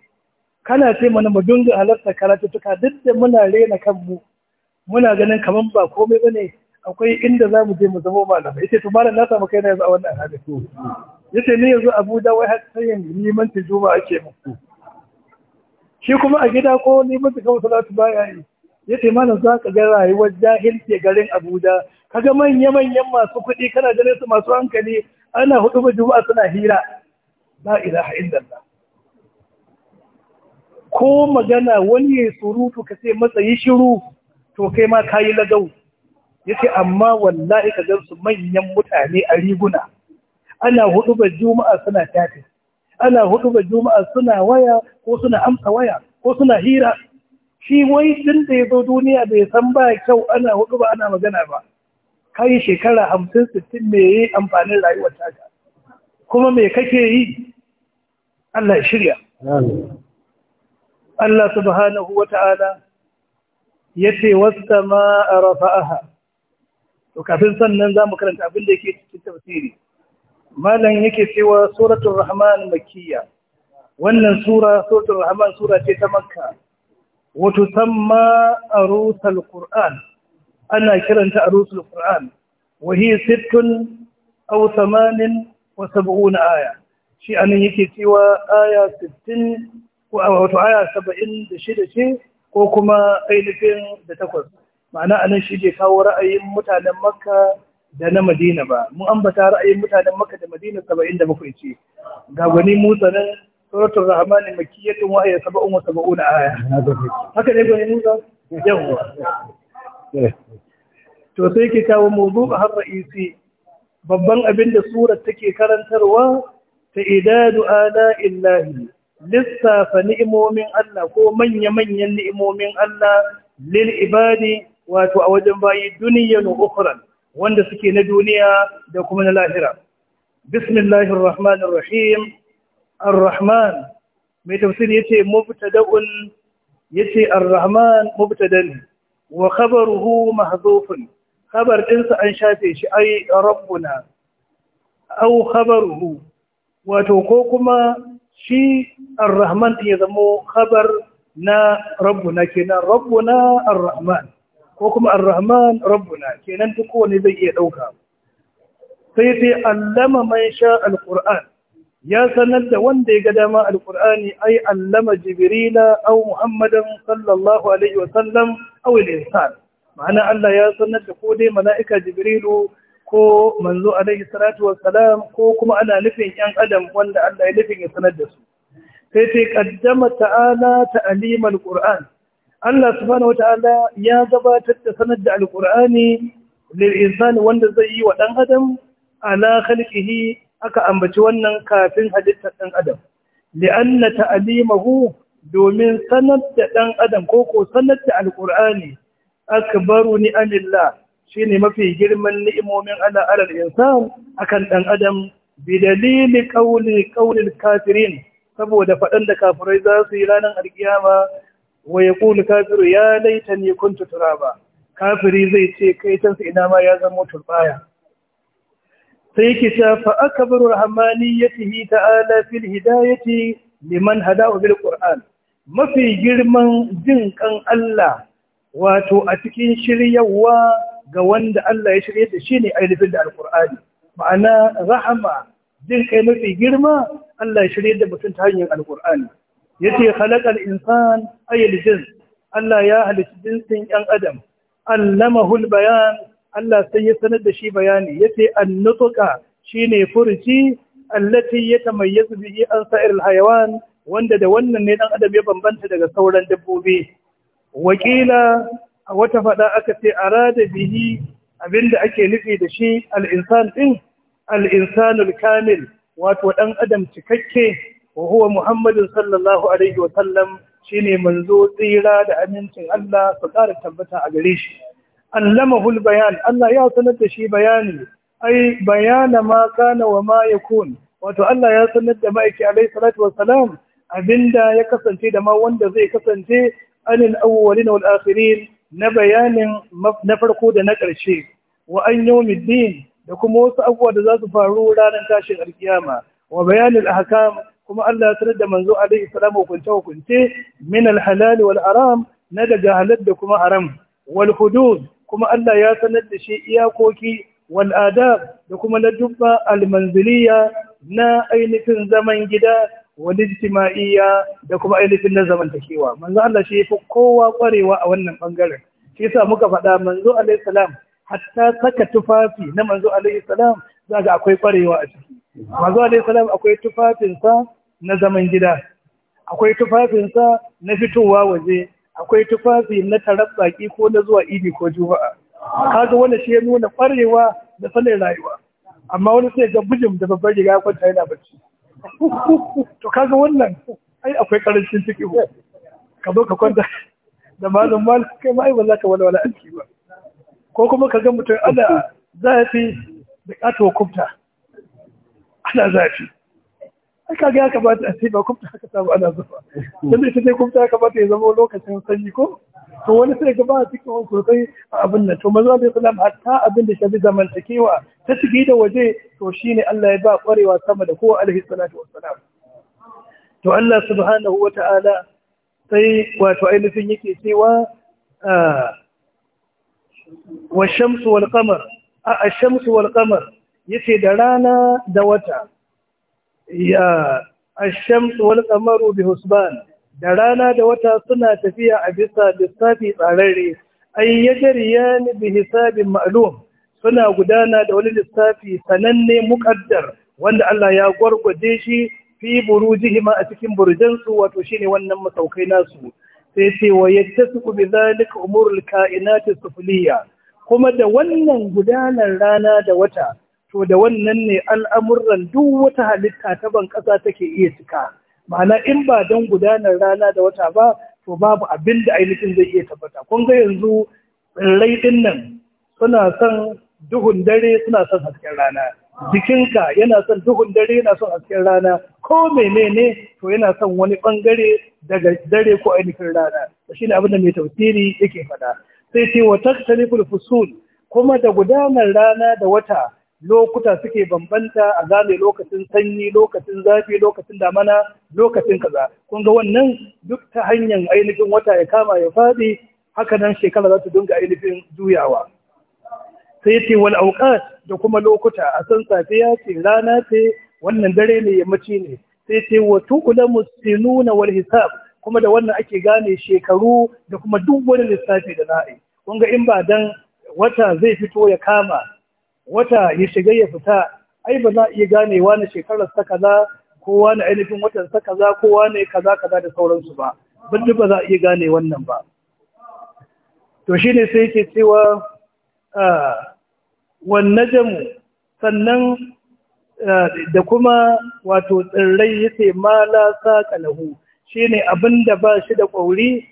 kana ce mana mu dinga halarta karatuttuka duk da muna rena kanmu muna ganin kaman ba komai bane akwai inda za mu je mu zama malamai yace to malam na samu kaina yanzu a wannan halin yace ni yanzu Abuja wai har sai yin liman juma ake muku shi kuma a gida ko liman ta kawo salatu baya yi yace malam za ka ga rayuwar jahilci garin Abuja kaga manya-manyan masu kuɗi kana ganin su masu hankali ana hudu ba juma'a suna hira la ilaha illallah ko magana wani ya surutu ka ce matsayi shiru to kai ma kayi lagau yace amma wallahi ka su manyan mutane a riguna ana hudu ba juma'a suna tafi ana hudu ba juma'a suna waya ko suna amsa waya ko suna hira shi wai tun da ya zo duniya bai san ba kyau ana hudu ba ana magana ba ka shekara hamsin sittin me yi amfanin rayuwar taka kuma me kake yi Allah shirya Allah subhanahu wa ta'ala ya ce wasta ma a rafa'aha to kafin sannan za mu karanta abin da yake cikin tafsiri malam yake cewa suratun rahman makiyya wannan sura suratun rahman sura ce ta makka wato a arusal qur'an ana kiranta a rusul Qur'an wa hiya sittun aw thamanin wa sab'una aya shi anan yake cewa aya 60 ko wato aya 76 ce ko kuma ainihin da takwas ma'ana anan shi ke kawo ra'ayin mutanen Makka da na Madina ba mu ambata ra'ayin mutanen Makka da Madina 77 ce ga gwani Musa nan suratul Rahman makkiyatun wa hiya 77 aya haka ne gwani Musa yawwa to sai ke kawo a har ra'isi babban abin da surat take karantarwa ta idadu ala illahi lissafa ni'imomin Allah ko manya-manyan ni'imomin Allah lil ibadi wato a wajen bayi na ukuran, wanda suke na duniya da kuma na lahira bismillahir rahmanir rahim ar-rahman mai tafsir yace mubtada'un yace ar-rahman mubtada'un wa khabaruhu mahzufun khabar ɗinsa an shafe shi ai rabbuna au khabaruhu wato ko kuma shi ar ya zamo khabar na rabbuna kenan rabbuna ar-rahman ko kuma ar rabbuna kenan duk wani zai iya dauka sai sai allama man sha al ya sanar da wanda ya ga dama alkur'ani ai allama jibrila aw muhammadan sallallahu alaihi Wasallam, aw al-insan ma'ana Allah ya sanar da ko dai mala'ika jibrilu ko manzo alaihi salatu wassalam ko kuma ana nufin yan adam wanda Allah ya nufin ya sanar da su sai sai kaddama ta'ala ta'limal qur'an Allah subhanahu wata'ala ya gabatar da sanar da alqur'ani lil insani wanda zai yi wa dan adam ala khalqihi aka ambaci wannan kafin halittar ɗan adam li'anna ta'limahu domin sanar da ɗan adam ko ko sanar da alqur'ani akbaru ni'amillah shine mafi girman ni'imomin Allah alal insan akan ɗan adam bi dalili qawli kafirin saboda faɗan da kafirai za su yi ranar alkiyama wa yaqulu kafiru ya laitani kuntu turaba kafiri zai ce kai tansa ina ma ya zama turbaya sai yake ta fa akbaru rahmaniyatihi ta'ala fil hidayati liman hadahu bil qur'an mafi girman jin kan Allah wato a cikin shiryawa ga wanda Allah ya shirye da shine ainihin da alqur'ani ma'ana rahama jin kai mafi girma Allah ya shirye da mutum ta hanyar alqur'ani yace khalaqal insan ayyul jins Allah ya halicci jinsin yan adam allamahul bayan Allah sai ya sanar da shi bayani Ya an-nutqa shine furuci allati yatamayyazu bihi an sa'iril hayawan wanda da wannan ne dan adam ya bambanta daga sauran dabbobi wakila a wata fada aka ce arada bihi abinda ake nufi da shi al-insan din al-insanul kamil wato dan adam cikakke wa huwa muhammadin sallallahu alaihi wa sallam shine manzo tsira da amincin Allah su ƙara tabbata a gare shi allamahul bayan Allah ya sanar da shi bayani ai bayana ma kana wa ma yakun wato Allah ya sanar da ma'aiki alaihi salatu wassalam abinda ya kasance da ma wanda zai kasance anil awwalin wal akhirin na bayanin na farko da na ƙarshe wa an yawmiddin da kuma wasu abubuwa da za su faru ranar tashin alkiyama wa bayanin ahkam kuma Allah ya sanar da manzo alaihi salam hukunce hukunce min al halal wal haram na daga halal da kuma haram wal hudud kuma Allah ya sanar da shi iyakoki wal'ada da kuma na dubba almanziliya na ainihin zaman gida wani ijtima'iyya da kuma ainihin na zamantakewa manzo Allah shi fi kowa kwarewa a wannan bangaren shi yasa muka faɗa manzo alaihi salam hatta saka tufafi na manzo alaihi salam zaga akwai kwarewa a ciki manzo alaihi salam akwai tufafinsa na zaman gida akwai tufafinsa na fitowa waje akwai tufafi na tarar baki ko na zuwa idi ko juma'a kaga wanda shi ya nuna kwarewa da sanin rayuwa amma wani sai ga bijim da babbar riga ya kwanta yana bacci to kaga wannan ai akwai karancin ciki ko. ka zo ka kwanta da malam kai ma ba za ka aiki ba ko kuma ka ga mutum ana zafi da katuwa kubta ana zafi aka ga aka bata sai ba kumta aka samu ana zuba hmm. da ita sai kumta aka bata ya zama lokacin sanyi ko to wani sai ga ba cikin wani sosai a abin nan to manzo bai hatta abin da shafi zamantakewa ta shige da waje to shi ne Allah ya ba kwarewa sama da kowa alaihi salatu wassalam to Allah subhanahu ta'ala sai wato ainihin yake cewa ah, wa shamsu wal qamar a shamsu wal qamar yace da rana da wata ya ashamsu Samaru qamaru bi husban da rana da wata suna tafiya a bisa lissafi tsararre an yajriyan bi hisabin ma'alum, suna gudana da wani lissafi sananne muƙaddar wanda Allah ya gwargwaje shi fi burujihima a cikin burjansu wato shine wannan masaukai nasu sai ce wa yattasiqu bi zalika umurul kainati sufliya kuma da wannan gudanar rana da wata to da wannan ne al'amuran duk wata halitta ta ban ƙasa take iya cika ma'ana in ba don gudanar rana da wata ba to babu abin da ainihin zai iya tabbata kun ga yanzu tsirrai ɗin nan suna son duhun dare suna son hasken rana jikinka yana son duhun dare yana son hasken rana ko menene to yana son wani ɓangare daga dare ko ainihin rana shi ne abin da mai tafsiri yake faɗa sai ce wa taktaliful fusul kuma da gudanar rana da wata lokuta suke bambanta a gane lokacin sanyi lokacin zafi lokacin damana lokacin kaza kun ga wannan duk ta hanyar ainihin wata ya kama ya faɗi haka nan shekara za ta dinga ainihin juyawa sai ce wal auqat da kuma lokuta a san safe ya ce rana ce wannan dare ne yammaci ne sai ce wa tuqlamu sinuna wal hisab kuma da wannan ake gane shekaru da kuma duk wani lissafi da za'a yi kun ga in ba dan wata zai fito ya kama wata ya shiga ya fita ai ba za a iya wa na shekarar ta kaza kowa na ainihin watan sa kaza kowa ne kaza kaza da sauransu ba bindi ba za a iya gane wannan ba to shi ne sai yake cewa ah, wan jam sannan ah, da kuma wato tsirrai ya yace mala shi lahu abin da ba shi da ƙwauri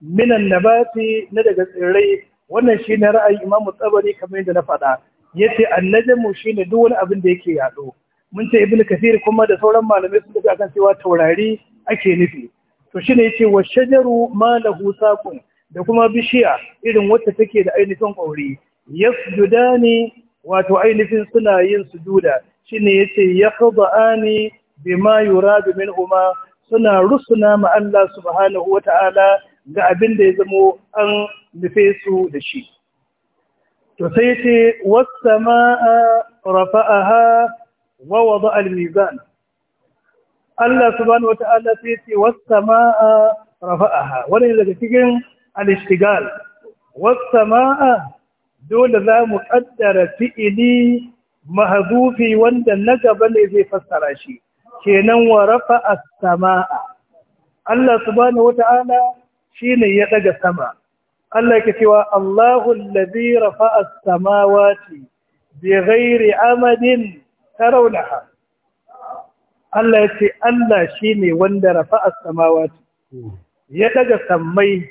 minan nabati na daga tsirrai wannan shi ne ra'ayin imamu Tsabari kamar yadda na faɗa Ya ce yace mu shine duk wani abin da yake yaɗo. mun ce Ibn kafir kuma da sauran malamai sun daga kan cewa taurari ake nufi to shi ne yace wa shajaru ma saqun da kuma bishiya irin wacce take da ainihin kauri yasjudani wato ainihin suna yin sujuda shine yace yaqdaani bima yuradu minhuma suna rusuna ma Allah subhanahu ta'ala ga abin da ya zamo an nufe su da shi to sai yace was samaa rafa'aha wa wada'a al-mizan Allah subhanahu wata'ala sai yace was samaa rafa'aha wani daga cikin al-ishtigal was samaa dole za mu kaddara fi'ili mahzufi wanda na gaba ne zai fassara shi kenan wa rafa'a samaa Allah subhanahu wata'ala shine ya daga sama Allah yake cewa Allahu allazi rafa'a as-samawati bighairi amadin tarawnaha Allah shi Allah shine wanda rafa'a as-samawati ya daga sammai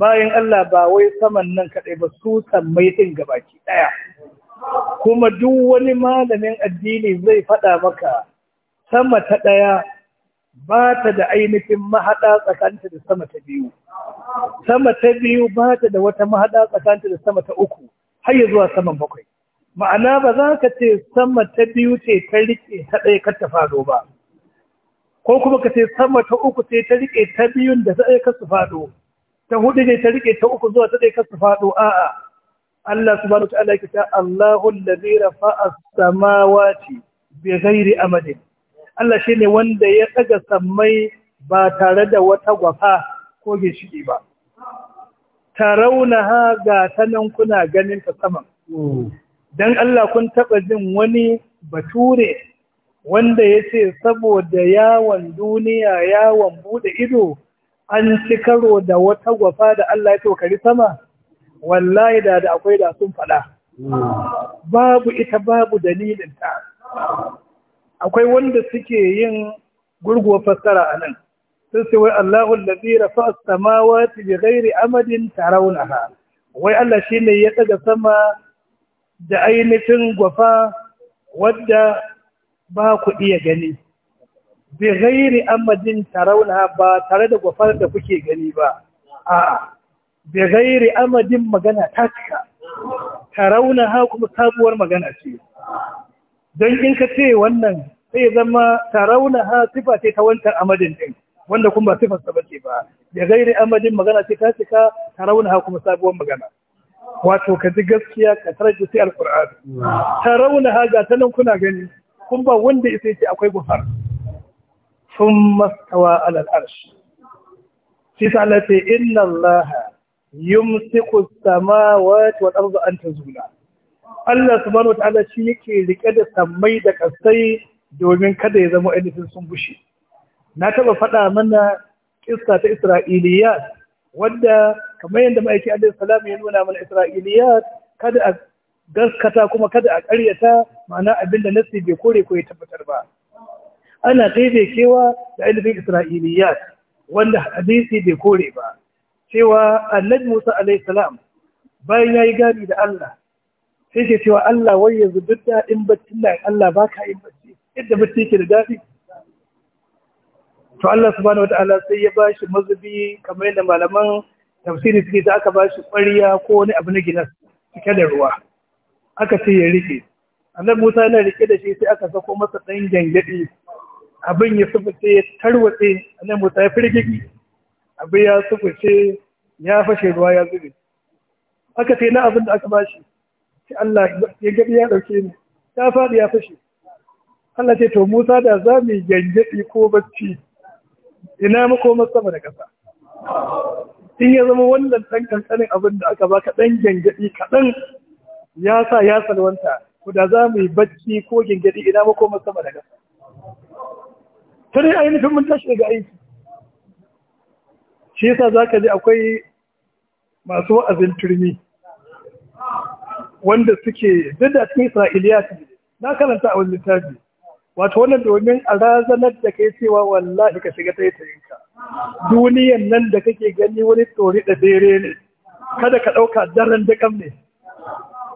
bayan Allah ba wai saman nan kadai ba su sammai din gabaki daya kuma duk wani malamin addini zai fada maka sama ta daya ba ta da ainihin mahaɗa tsakanta da sama ta biyu sama ta biyu ba ta da wata mahaɗa tsakanta da sama ta uku har ya zuwa saman bakwai ma'ana ba za ka ce sama ta biyu ce ta riƙe ta ɗaya kar ta faɗo ba ko kuma ka ce sama ta uku ce ta riƙe ta biyun da ta ɗaya kar su faɗo ta huɗu ne ta riƙe ta uku zuwa ta ɗaya kar su faɗo a'a Allah subhanahu wa ta'ala ya ce Allahu allazi rafa'a as-samawati bi ghairi amadin Allah shi ne wanda ya daga sammai ba tare da wata gwafa ko gishiri ba ha ga tanan kuna ganin ta sama Don Allah kun taɓa jin wani bature wanda ya ce saboda yawon duniya yawon buɗe ido an ci karo da wata gwafa da Allah ya tokari sama wallahi da da akwai da sun faɗa. Hmm. babu ita babu dalilinta akwai wanda suke yin gurguwa fassara a nan sun ce wai Allahu allazi rafa'a as-samawati bighairi amadin tarawunaha wai Allah shine ya daga sama da ainihin gwafa wadda ba ku iya gani bighairi amadin tarawunaha ba tare da gwafar da kuke gani ba a'a bighairi amadin magana ta cika tarawunaha kuma sabuwar magana ce don in ka ce wannan sai zama tarauna ha sifa ce ta wancan amadin din wanda kuma ba sifar sa bace ba ya gairi amadin magana ce ta cika tarauna ha kuma sabuwar magana wato ka ji gaskiya ka tarji sai alqur'ani tarauna ha ga tanan kuna gani kun ba wanda isa ce akwai gufar thumma stawa ala al-arsh sai ta inna Allah yumsiku as-samawati wal arda an tazula Allah subhanahu wataala shi yake rike da sammai da kasai domin kada ya zama ainihin sun bushe na taɓa faɗa mana kissa ta Isra'iliya wadda kamar yadda ma'aiki alaihi salam ya nuna mana Isra'iliya kada a gaskata kuma kada a ƙaryata ma'ana abin da nasi bai kore ko ya tabbatar ba ana kewa da ainihin Isra'iliya wanda hadisi bai kore ba cewa annabi Musa alaihi salam bayan yayi gani da Allah sai ke cewa Allah wai yanzu duk daɗin bacci na Allah ba ka yin bacci yadda bacci ke da daɗi to Allah subhanahu wataala sai ya bashi mazubi kamar yadda malaman tafsiri suke ta aka bashi ƙwariya ko wani abu na gina cike da ruwa aka ce ya rike annabi Musa yana rike da shi sai aka sako masa ɗan gyangyaɗi abin ya sufuce ya tarwatse annabi Musa ya firgigi abin ya sufuce ya fashe ruwa ya zube aka ce na abin da aka bashi sai Allah ya gaɗi ya ɗauke ni ta faɗi ya fashe Allah ce to Musa da za mu gyangyaɗi ko bacci ina masu sama da ƙasa in ya zama wannan ɗan ƙanƙanin abin da aka baka ɗan gyangyaɗi kaɗan ya sa ya salwanta ko da za mu yi bacci ko gyangyaɗi ina masu sama da ƙasa tare ainihin mun tashi daga aiki shi yasa za ka ji akwai masu wa'azin turmi wanda suke duk da cikin isra'iliya na karanta a wani littafi wato wannan domin a razanar da kai cewa wallahi ka shiga taitayinka duniyan nan da kake gani wani tsori da dare ne kada ka ɗauka daren da ne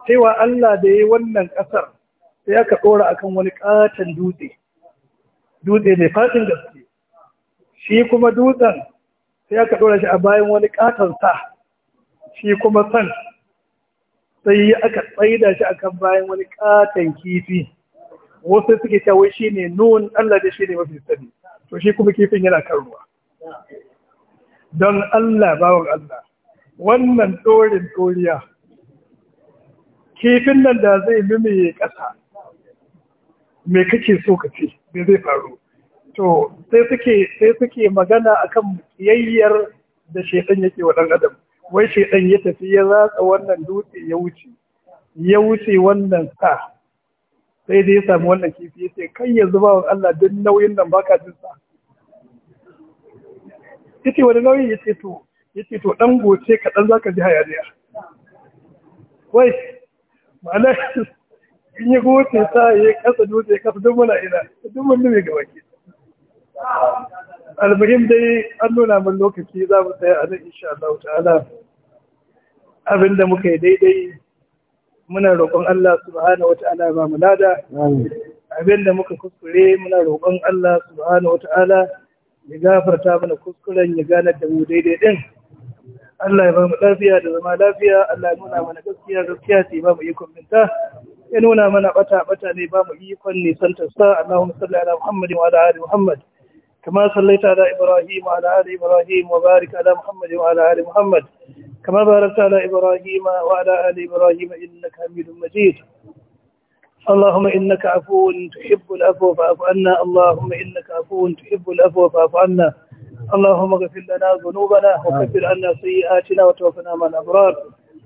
cewa Allah da ya yi wannan ƙasar sai aka ɗora akan wani ƙaton dutse dutse mai fatin gaske shi kuma dutsen sai aka ɗora shi a bayan wani ƙaton sa shi kuma san sai aka tsaida shi akan bayan wani katon kifi wasu suke cewa shi ne nun Allah da shi ne mafi sani to shi kuma kifin yana kan ruwa don Allah bawan Allah wannan ɗorin ɗoriya kifin nan da zai lumiye kasa me kake so ka ce me zai faru to sai suke sai suke magana akan kiyayyar da shekan yake wa ɗan adam wai ɗan ya tafi ya ratsa wannan dutse ya wuce ya wuce wannan sa sai dai ya samu wannan kifi ya ce kai yanzu ba Allah duk nauyin nan baka jin sa yace wani nauyin yace to yace to dan goce ka dan zaka ji hayaniya wai ma'ana in ya goce sa ya kasa dutse kasa duk mala ina duk mun ne ga wake almuhim dai an nuna min lokaci za mu tsaya a nan insha Allah ta'ala abinda muka yi daidai muna roƙon Allah subhanahu wa ta'ala ba mu lada abinda muka kuskure muna roƙon Allah subhanahu wa ta'ala ya gafarta mana kuskuren ya gane da mu daidai din Allah ya ba mu lafiya da zama lafiya Allah ya nuna mana gaskiya gaskiya ce ba mu yi binta ya nuna mana bata bata ne ba mu ikon ta sa Allahumma salli ala Muhammadin wa ala ali Muhammad كما صليت على إبراهيم وعلى آل إبراهيم وبارك على محمد وعلى آل محمد كما باركت على إبراهيم وعلى آل إبراهيم إنك حميد مجيد اللهم إنك عفو تحب العفو فاعف عنا اللهم إنك عفو تحب العفو فاعف عنا اللهم اغفر لنا ذنوبنا وكفر عنا سيئاتنا وتوفنا مع الأبرار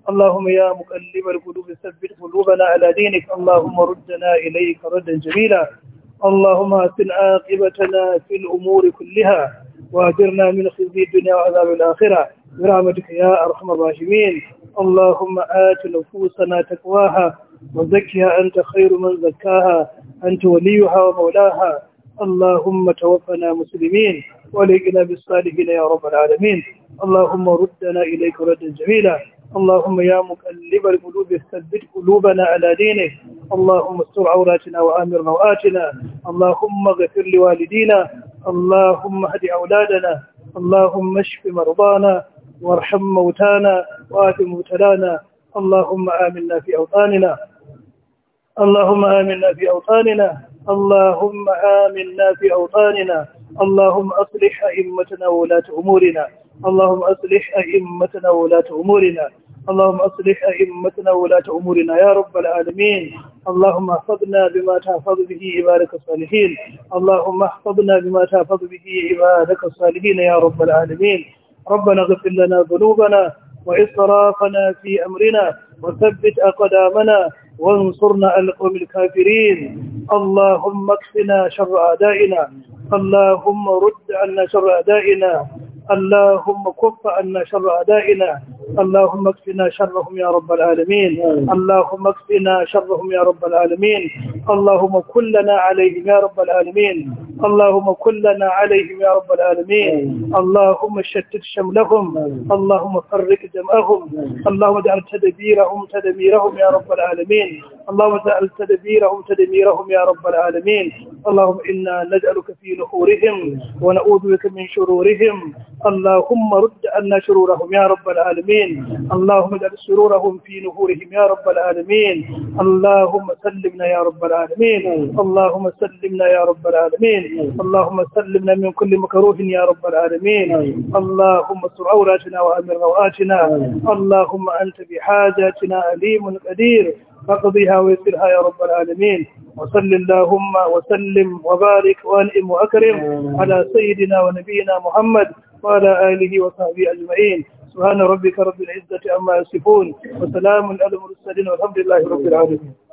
اللهم يا مقلب القلوب ثبت قلوبنا على دينك اللهم ردنا إليك ردا جميلا اللهم أسن عاقبتنا في الأمور كلها وأجرنا من خزي الدنيا وعذاب الآخرة برحمتك يا أرحم الراحمين اللهم آت نفوسنا تقواها وزكها أنت خير من زكاها أنت وليها ومولاها اللهم توفنا مسلمين وليقنا بالصالحين يا رب العالمين اللهم ردنا إليك ردا جميلا اللهم يا مقلب القلوب ثبت قلوبنا على دينك اللهم استر عوراتنا وآمر روآتنا اللهم اغفر لوالدينا اللهم اهد أولادنا اللهم اشف مرضانا وارحم موتانا وآت مبتلانا اللهم آمنا في أوطاننا اللهم آمنا في أوطاننا اللهم آمنا في أوطاننا اللهم أصلح أئمتنا وولاة أمورنا اللهم أصلح أئمتنا وولاة أمورنا اللهم أصلح أئمتنا وولاة أمورنا يا رب العالمين اللهم احفظنا بما تحفظ به عبادك الصالحين اللهم احفظنا بما تحفظ به عبادك الصالحين يا رب العالمين ربنا اغفر لنا ذنوبنا وإسرافنا في أمرنا وثبت أقدامنا وانصرنا على القوم الكافرين اللهم اكفنا شر أعدائنا اللهم رد عنا شر أعدائنا اللهم كف عنا شر أعدائنا اللهم اكفنا شرهم يا رب العالمين اللهم اكفنا شرهم يا رب العالمين اللهم كلنا عليهم يا رب العالمين اللهم كلنا عليهم يا رب العالمين اللهم شتت شملهم اللهم فرق جمعهم اللهم اجعل تدبيرهم تدميرهم يا رب العالمين اللهم اجعل تدبيرهم تدميرهم يا رب العالمين اللهم إنا نجعلك في نحورهم ونعوذ بك من شرورهم اللهم رد عنا شرورهم يا رب العالمين اللهم اجعل شرورهم في نحورهم يا رب العالمين اللهم سلمنا يا رب العالمين اللهم سلمنا يا رب العالمين اللهم سلمنا من كل مكروه يا رب العالمين اللهم استر عوراتنا وامن رواتنا اللهم انت بحاجاتنا عليم قدير فاقضيها ويسرها يا رب العالمين وصل اللهم وسلم وبارك وانعم واكرم على سيدنا ونبينا محمد وعلى اله وصحبه اجمعين سبحان ربك رب العزه عما يصفون وسلام على المرسلين والحمد لله رب العالمين